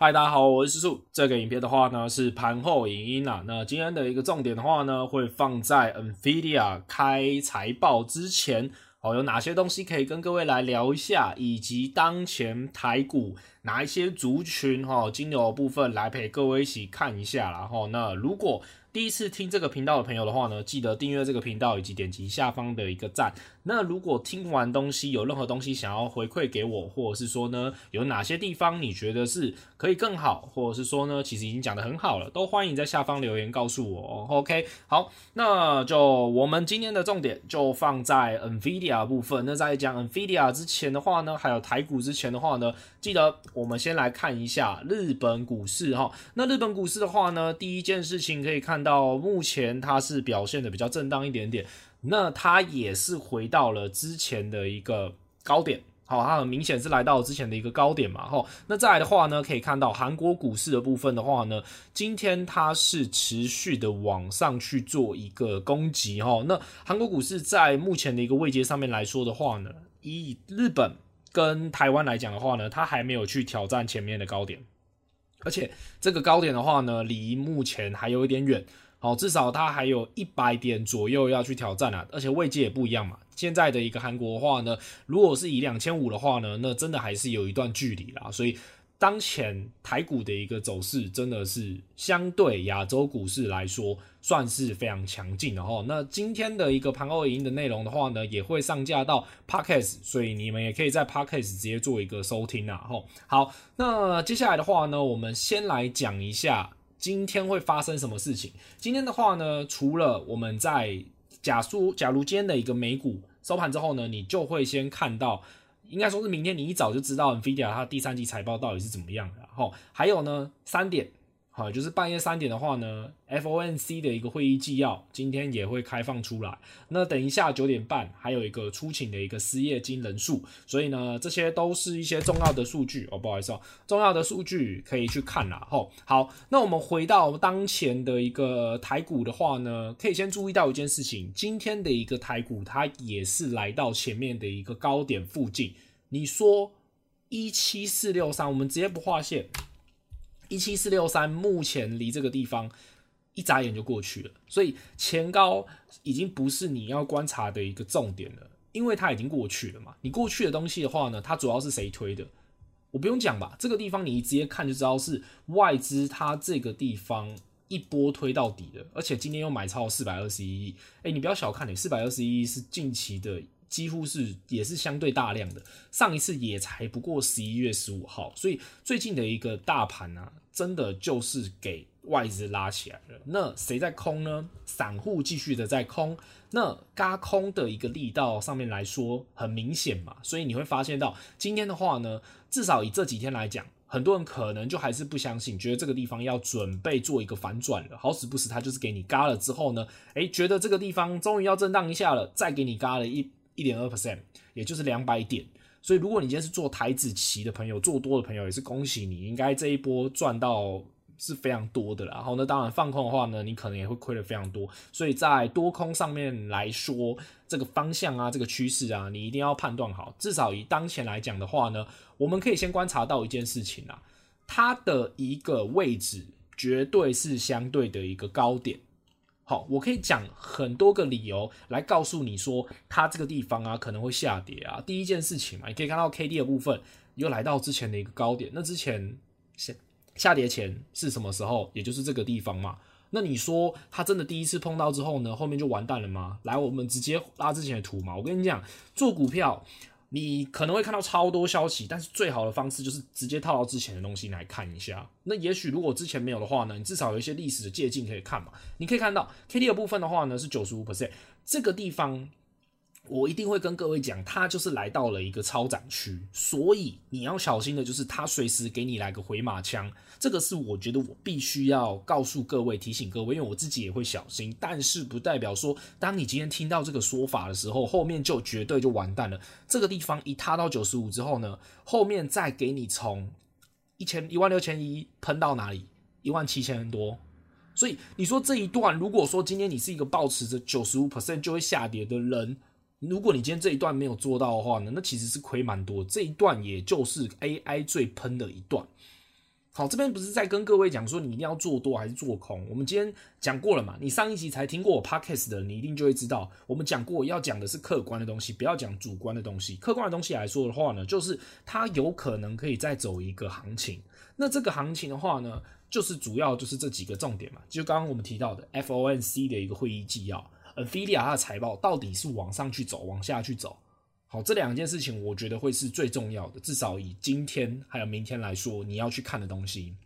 嗨，大家好，我是叔叔。這個影片的話呢，是盤後影音啦、啊。那今天的一個重點的話呢，會放在 NVIDIA 開財報之前哦，有哪些東西可以跟各位來聊一下，以及當前台股哪一些族群哈，金、哦、牛的部分來陪各位一起看一下。然後，那如果第一次聽這個頻道的朋友的話呢，記得訂閱這個頻道以及點擊下方的一個讚。那如果聽完東西有任何東西想要回饋給我，或者是說呢，有哪些地方你覺得是可以更好，或者是說呢，其實已經講得很好了，都歡迎在下方留言告訴我哦。OK，好，那就我們今天的重點就放在 NVIDIA 部分。那在講 NVIDIA 之前的話呢，還有台股之前的話呢，記得我們先來看一下日本股市哈哦。那日本股市的話呢，第一件事情可以看。看到目前，它是表現的比較震盪一點點，那它也是回到了之前的一個高點，好、哦，它很明顯是來到了之前的一個高點嘛，好、哦，那再來的話呢，可以看到韓國股市的部分的話呢，今天它是持續的往上去做一個攻擊，哈、哦，那韓國股市在目前的一個位階上面來說的話呢，以日本跟台灣來講的話呢，它還沒有去挑戰前面的高點。而且這個高點的話呢，離目前還有一點遠，好，至少它還有一百點左右要去挑戰啊。而且位置也不一樣嘛。現在的一個韓國的話呢，如果是以兩千五的話呢，那真的還是有一段距離啦，所以。當前台股的一個走勢真的是相對亞洲股市來說算是非常強勁的哈。那今天的一個盤後影音的內容的話呢，也會上架到 Podcast，所以你們也可以在 Podcast 直接做一個收聽啊。好，那接下來的話呢，我們先來講一下今天會發生什麼事情。今天的話呢，除了我們在假如假如今天的一個美股收盤之後呢，你就會先看到。應該說是明天，你一早就知道 NVIDIA 它第三季財報到底是怎麼樣的。然後還有呢，三點。好，就是半夜三點的話呢，FOMC 的一個會議紀要今天也會開放出來。那等一下九點半還有一個初請的一個失業金人數，所以呢，這些都是一些重要的數據哦。不好意思哦，重要的數據可以去看啦。吼，好，那我們回到我們當前的一個台股的話呢，可以先注意到一件事情，今天的一個台股它也是來到前面的一個高點附近。你說一七四六三，我們直接不劃線。一七四六三，目前離這個地方一眨眼就過去了，所以前高已經不是你要觀察的一個重點了，因為它已經過去了嘛。你過去的東西的話呢，它主要是誰推的我不用講吧，這個地方你一直接看就知道是外資，它這個地方一波推到底的，而且今天又買超四百二十一億。哎，你不要小看，你四百二十一億是近期的。幾乎是也是相對大量的，上一次也才不過十一月十五號，所以最近的一個大盤啊，真的就是給外資拉起來了。那誰在空呢？散戶繼續的在空，那嘎空的一個力道上面來說很明顯嘛，所以你會發現到今天的話呢，至少以這幾天來講，很多人可能就還是不相信，覺得這個地方要準備做一個反轉了。好死不死，他就是給你嘎了之後呢，誒、欸，覺得這個地方終於要震蕩一下了，再給你嘎了一。一點二 percent，也就是兩百點。所以，如果你今天是做台指期的朋友，做多的朋友也是恭喜你，應該這一波賺到是非常多的啦，然後呢，當然放空的話呢，你可能也會虧得非常多。所以在多空上面來說，這個方向啊，這個趨勢啊，你一定要判斷好。至少以當前來講的話呢，我們可以先觀察到一件事情啊，它的一個位置絕對是相對的一個高點。好，我可以講很多個理由來告訴你說，它這個地方啊，可能會下跌啊。第一件事情嘛，你可以看到 KD 的部分又來到之前的一個高點，那之前下下跌前是什麼時候？也就是這個地方嘛。那你說它真的第一次碰到之後呢，後面就完蛋了嗎？來，我們直接拉之前的圖嘛。我跟你講，做股票。你可能會看到超多消息，但是最好的方式就是直接套到之前的東西來看一下。那也許如果之前沒有的話呢，你至少有一些歷史的借鏡可以看嘛。你可以看到 KD 的部分的話呢，是九十五 percent 這個地方。我一定會跟各位講，它就是來到了一個超展區，所以你要小心的，就是它隨時給你來個回馬槍。這個是我覺得我必須要告訴各位、提醒各位，因為我自己也會小心，但是不代表說，當你今天聽到這個說法的時候，後面就絕對就完蛋了。這個地方一踏到九十五之後呢，後面再給你從一千一萬六千一噴到哪裡一萬七千多，所以你說這一段，如果說今天你是一個抱持着九十五 percent 就會下跌的人。如果你今天這一段沒有做到的話呢，那其實是虧蠻多。這一段也就是 AI 最噴的一段。好，這邊不是在跟各位講說你一定要做多還是做空。我們今天講過了嘛？你上一集才聽過我 Podcast 的，你一定就會知道。我們講過要講的是客觀的東西，不要講主觀的東西。客觀的東西來說的話呢，就是它有可能可以再走一個行情。那這個行情的話呢，就是主要就是這幾個重點嘛。就剛剛我們提到的 FOMC 的一個會議紀要。NVIDIA 的財報到底是往上去走，往下去走？好，這兩件事情，我覺得會是最重要的。至少以今天還有明天來說，你要去看的東西。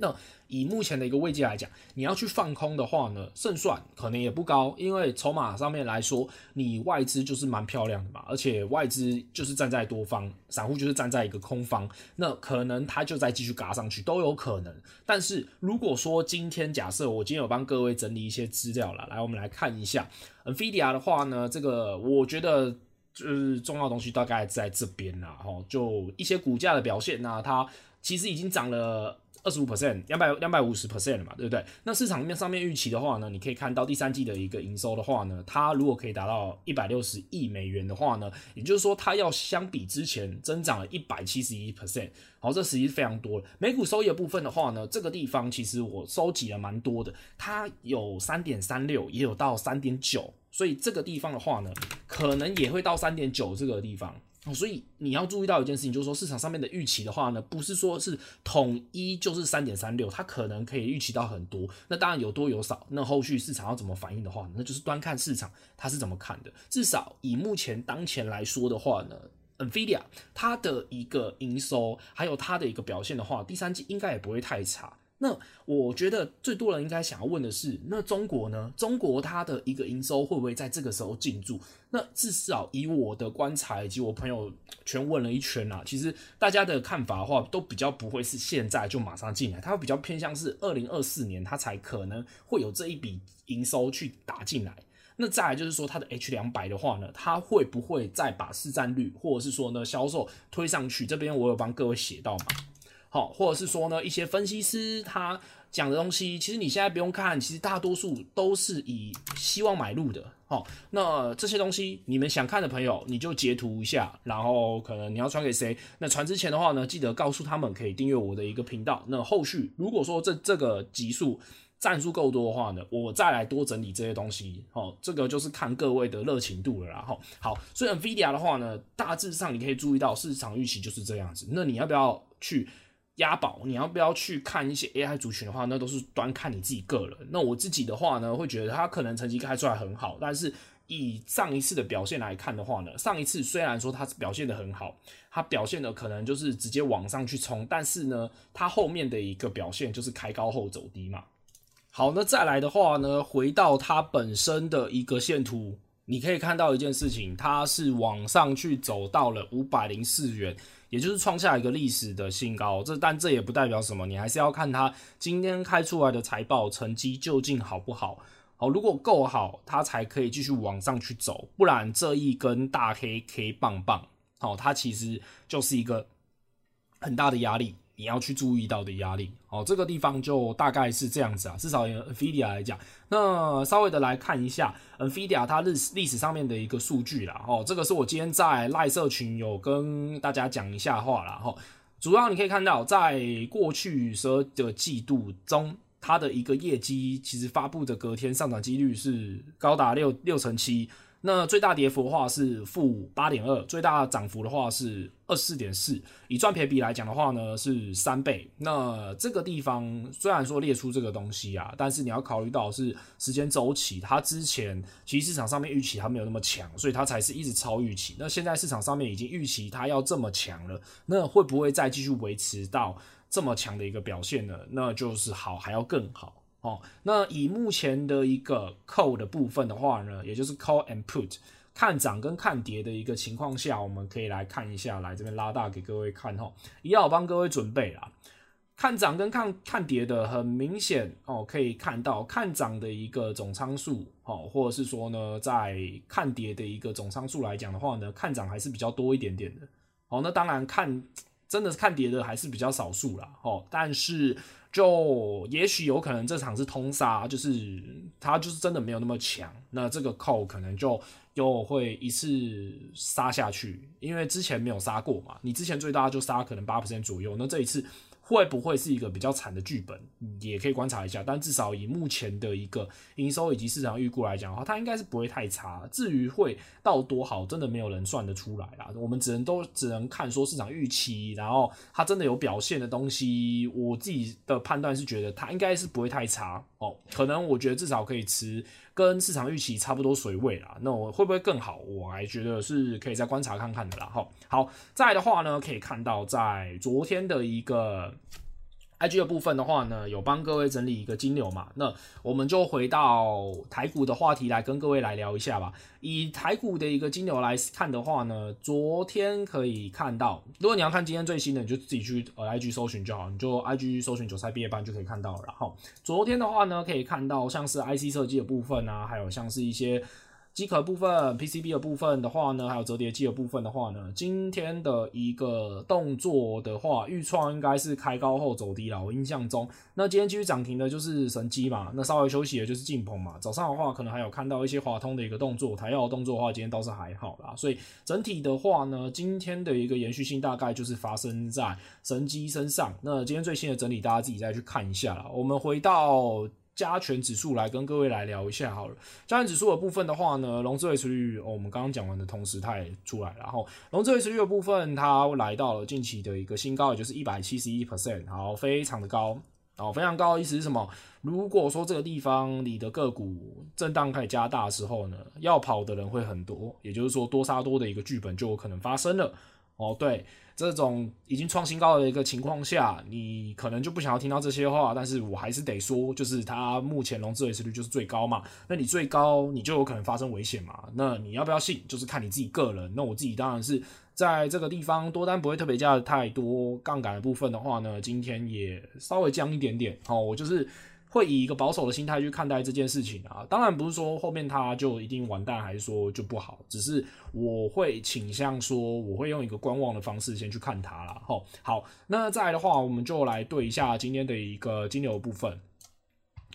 那以目前的一個位置來講，你要去放空的話呢，勝算可能也不高，因為籌碼上面來說，你外資就是蠻漂亮的嘛，而且外資就是站在多方，散戶就是站在一個空方，那可能它就再繼續嘎上去都有可能。但是如果說今天假設我今天有幫各位整理一些資料了，來我們來看一下，NVIDIA 的話呢，這個我覺得就是重要的東西大概在這邊啦，哦，就一些股價的表現呢、啊，它其實已經漲了。二十五 percent，兩百兩百五十 percent 嘛，對不對？那市場面上面預期的話呢，你可以看到第三季的一個營收的話呢，它如果可以達到一百六十億美元的話呢，也就是說它要相比之前增長了一百七十一 percent，好，這實際非常多了。每股收益的部分的話呢，這個地方其實我收集了蠻多的，它有三點三六，也有到三點九，所以這個地方的話呢，可能也會到三點九這個地方。所以你要注意到一件事情，就是說市場上面的預期的話呢，不是說是統一就是三點三六，它可能可以預期到很多，那當然有多有少。那後續市場要怎麼反應的話，那就是端看市場它是怎麼看的。至少以目前當前來說的話呢，NVIDIA 它的一個營收還有它的一個表現的話，第三季應該也不會太差。那我覺得最多人應該想要問的是，那中國呢？中國它的一個營收會不會在這個時候進駐？那至少以我的觀察以及我朋友全問了一圈啊，其實大家的看法的話，都比較不會是現在就馬上進來，它會比較偏向是二零二四年它才可能會有這一筆營收去打進來。那再來就是說它的 H 兩百的話呢，它會不會再把市占率或者是說呢銷售推上去？這邊我有幫各位寫到嘛。好，或者是說呢，一些分析師他講的東西，其實你現在不用看，其實大多數都是以希望買入的。好、哦，那這些東西你們想看的朋友，你就截圖一下，然後可能你要傳給誰？那傳之前的話呢，記得告訴他們可以訂閱我的一個頻道。那後續如果說這這個集數贊助夠多的話呢，我再來多整理這些東西。好、哦，這個就是看各位的熱情度了啦。好、哦，好，所以 NVIDIA 的話呢，大致上你可以注意到市場預期就是這樣子。那你要不要去？押寶，你要不要去看一些 AI 族群的話，那都是端看你自己個人。那我自己的話呢，會覺得它可能成績開出來很好，但是以上一次的表現來看的話呢，上一次雖然說它表現得很好，它表現的可能就是直接往上去衝，但是呢，它後面的一個表現就是開高後走低嘛。好，那再來的話呢，回到它本身的一個線圖，你可以看到一件事情，它是往上去走到了五百零四元。也就是創下一個歷史的新高，這但這也不代表什麼，你還是要看它今天開出來的財報成績究竟好不好。好，如果夠好，它才可以繼續往上去走，不然這一根大黑 K 棒棒，好，它其實就是一個很大的壓力。你要去注意到的壓力，哦，這個地方就大概是這樣子啊。至少以 NVIDIA 來講，那稍微的來看一下 NVIDIA 它歷史、歷史上面的一個數據啦。哦，這個是我今天在賴社群有跟大家講一下的話啦。哦，主要你可以看到，在過去十二個季度中，它的一個業績其實發布的隔天上漲幾率是高達六六成七。那最大跌幅的話是負八點二，最大漲幅的話是二四點四，以賺賠比來講的話呢是三倍。那這個地方雖然說列出這個東西啊，但是你要考慮到是時間周期，它之前其實市場上面預期它沒有那麼強，所以它才是一直超預期。那現在市場上面已經預期它要這麼強了，那會不會再繼續維持到這麼強的一個表現呢？那就是好，還要更好。哦、那以目前的一個 call 的部分的話呢，也就是 call and put 看漲跟看跌的一個情況下，我們可以來看一下，來這邊拉大給各位看哈、哦。也要幫各位準備啦，看漲跟看看跌的，很明顯哦，可以看到看漲的一個總倉數，哦，或者是說呢，在看跌的一個總倉數來講的話呢，看漲還是比較多一點點的。好、哦，那當然看真的是看跌的還是比較少數啦，哦、但是。就也許有可能這場是通殺，就是他就是真的沒有那麼強，那這個扣可能就又會一次殺下去，因為之前沒有殺過嘛，你之前最大就殺可能八 percent 左右，那這一次。會不會是一個比較慘的劇本，也可以觀察一下。但至少以目前的一個營收以及市場預估來講的話，它應該是不會太差。至於會到多好，真的沒有人算得出來啦。我們只能都只能看說市場預期，然後它真的有表現的東西。我自己的判斷是覺得它應該是不會太差哦。可能我覺得至少可以持跟市場預期差不多水位啦。那我會不會更好？我還覺得是可以再觀察看看的啦。哦、好，再來的話呢，可以看到在昨天的一個。IG 的部分的話呢，有幫各位整理一個金流嘛，那我們就回到台股的話題來跟各位來聊一下吧。以台股的一個金流來看的話呢，昨天可以看到。如果你要看今天最新的，你就自己去呃 IG 搜尋就好，你就 IG 搜尋韭菜畢業班就可以看到了。然後昨天的話呢，可以看到像是 IC 設計的部分啊，還有像是一些。機殼部分、PCB 的部分的話呢，還有折疊機的部分的話呢，今天的一個動作的話，預創應該是開高後走低了。我印象中，那今天繼續漲停的就是神機嘛，那稍微休息的就是晉棚嘛。早上的話，可能還有看到一些華通的一個動作，台燿的動作的話，今天倒是還好啦。所以整體的話呢，今天的一個延續性大概就是發生在神機身上。那今天最新的整理，大家自己再去看一下啦。我們回到。加權指數來跟各位來聊一下好了，加權指數的部分的話呢，融資維持率、哦，我們剛剛講完的同時，它也出來，然後融資維持率的部分，它來到了近期的一個新高，也就是一百七十一 percent，好，非常的高，哦，非常高，意思是什麼？如果說這個地方你的個股震盪開始加大的時候呢，要跑的人會很多，也就是說多殺多的一個劇本就有可能發生了，哦，對。這種已經創新高的一個情況下，你可能就不想要聽到這些話，但是我還是得說，就是它目前融資維持率就是最高嘛，那你最高你就有可能發生危險嘛，那你要不要信，就是看你自己個人，那我自己當然是在這個地方多單不會特別加得太多，槓桿的部分的話呢，今天也稍微降一點點哦，我就是。會以一個保守的心態去看待這件事情啊，當然不是說後面它就一定完蛋，還是說就不好，只是我會傾向說，我會用一個觀望的方式先去看它啦。好、哦，好，那再來的話，我們就來對一下今天的一個金流的部分。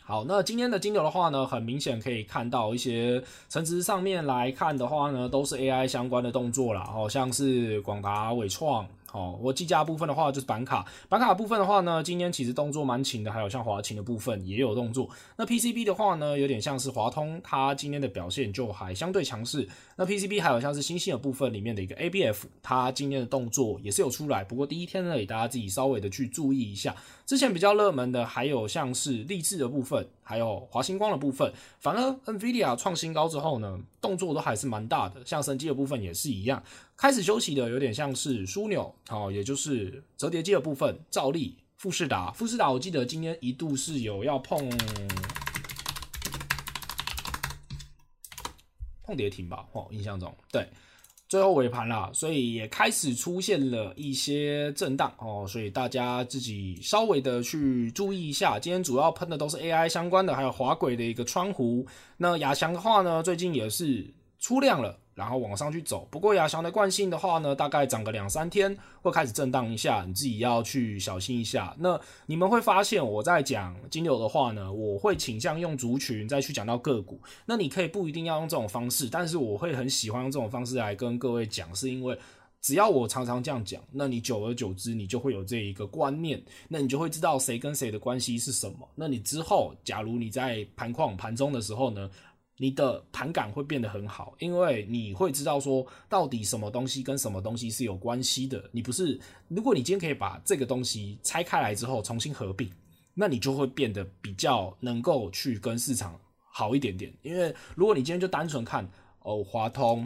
好，那今天的金流的話呢，很明顯可以看到一些成值上面來看的話呢，都是 AI 相關的動作啦，好、哦、像是廣達、緯創。哦，我技嘉部分的話就是板卡，板卡部分的話呢，今天其實動作蠻勤的，還有像華擎的部分也有動作。那 PCB 的話呢，有點像是華通，它今天的表現就還相對強勢。那 PCB 還有像是欣興的部分裡面的一個 ABF，它今天的動作也是有出來，不過第一天呢，也大家自己稍微的去注意一下。之前比較熱門的還有像是勵志的部分，還有華星光的部分。反而 NVIDIA 創新高之後呢，動作都還是蠻大的，像神基的部分也是一樣，開始休息的有點像是樞紐。哦，也就是折疊機的部分，照例富世達，富世達，富世我記得今天一度是有要碰碰跌停吧，哦，印象中，對，最後尾盤了，所以也開始出現了一些震盪，哦，所以大家自己稍微的去注意一下，今天主要噴的都是 AI 相關的，還有滑軌的一個窗戶，那亞翔的話呢，最近也是出量了。然後往上去走，不過亞翔的慣性的話呢，大概漲個兩三天會開始震盪一下，你自己要去小心一下。那你們會發現我在講金牛的話呢，我會傾向用族群再去講到個股。那你可以不一定要用這種方式，但是我會很喜歡用這種方式來跟各位講，是因為只要我常常這樣講，那你久而久之你就會有這一個觀念，那你就會知道誰跟誰的關係是什麼。那你之後假如你在盤況盤中的時候呢，你的盤感會變得很好，因為你會知道說到底什麼東西跟什麼東西是有關係的。你不是，如果你今天可以把這個東西拆開來之後重新合併，那你就會變得比較能夠去跟市場好一點點。因為如果你今天就單純看哦華通，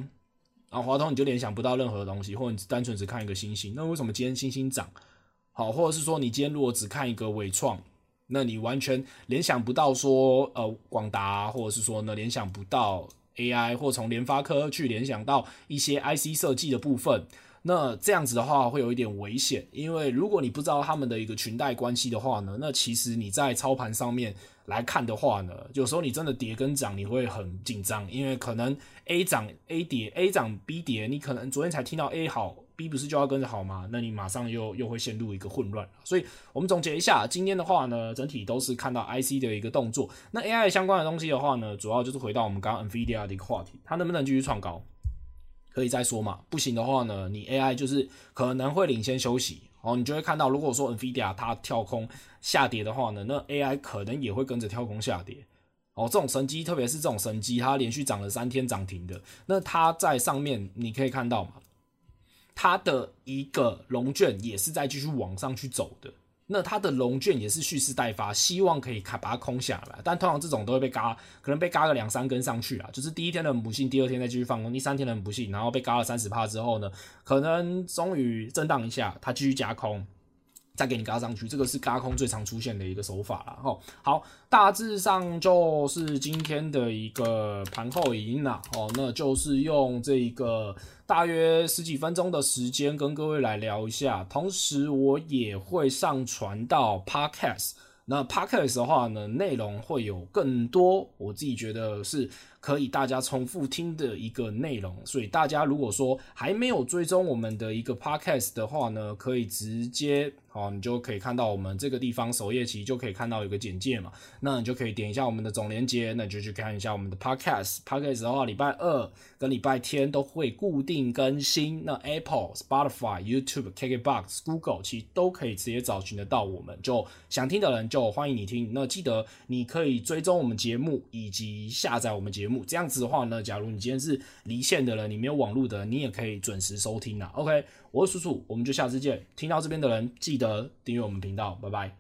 啊、哦、華通你就聯想不到任何東西，或者你單純只看一個星星，那為什麼今天星星漲好、哦？或者是說你今天如果只看一個偉創？那你完全聯想不到說，呃，廣達啊，或者是說呢，聯想不到 AI，或從聯發科去聯想到一些 IC 設計的部分。那這樣子的話會有一點危險，因為如果你不知道他們的一個裙帶關係的話呢，那其實你在操盤上面來看的話呢，有時候你真的跌跟漲，你會很緊張，因為可能 A 漲 A 跌 A 漲 B 跌，你可能昨天才聽到 A 好。B 不是就要跟着好嗎？那你馬上又又會陷入一個混亂。所以我們總結一下，今天的話呢，整體都是看到 IC 的一個動作。那 AI 相關的東西的話呢，主要就是回到我們剛剛 NVIDIA 的一個話題，它能不能繼續創高？可以再說嘛。不行的話呢，你 AI 就是可能會領先休息哦。你就會看到，如果說 NVIDIA 它跳空下跌的話呢，那 AI 可能也會跟着跳空下跌哦。這種神機，特別是這種神機，它連續漲了三天漲停的，那它在上面你可以看到嘛。它的一個龍卷也是在繼續往上去走的，那它的龍卷也是蓄勢待發，希望可以卡把它空下來。但通常這種都會被嘎，可能被嘎個兩三根上去啊。就是第一天的母性，第二天再繼續放空，第三天的母性，然後被嘎了三十趴之後呢，可能終於震盪一下，它繼續加空。再給你嘎上去，這個是嘎空最常出現的一個手法了哦。好，大致上就是今天的一個盤後語音了、啊、哦。那就是用這一個大約十幾分鐘的時間跟各位來聊一下，同時我也會上傳到 Podcast。那 Podcast 的話呢，內容會有更多，我自己覺得是。可以大家重複聽的一個內容，所以大家如果說還沒有追蹤我們的一個 podcast 的話呢，可以直接啊，你就可以看到我們這個地方首頁其實就可以看到有個簡介嘛，那你就可以點一下我們的總連接，那你就去看一下我們的 podcast。podcast 的話，禮拜二跟禮拜天都會固定更新。那 Apple、Spotify、YouTube、KKBox、Google 其實都可以直接找尋得到我們，就想聽的人就歡迎你聽。那記得你可以追蹤我們節目以及下載我們節目。這樣子的話呢，假如你今天是離線的人，你沒有網絡的人，你也可以準時收聽啦、啊。OK，我是叔叔，我們就下次見。聽到這邊的人，記得訂閱我們頻道，拜拜。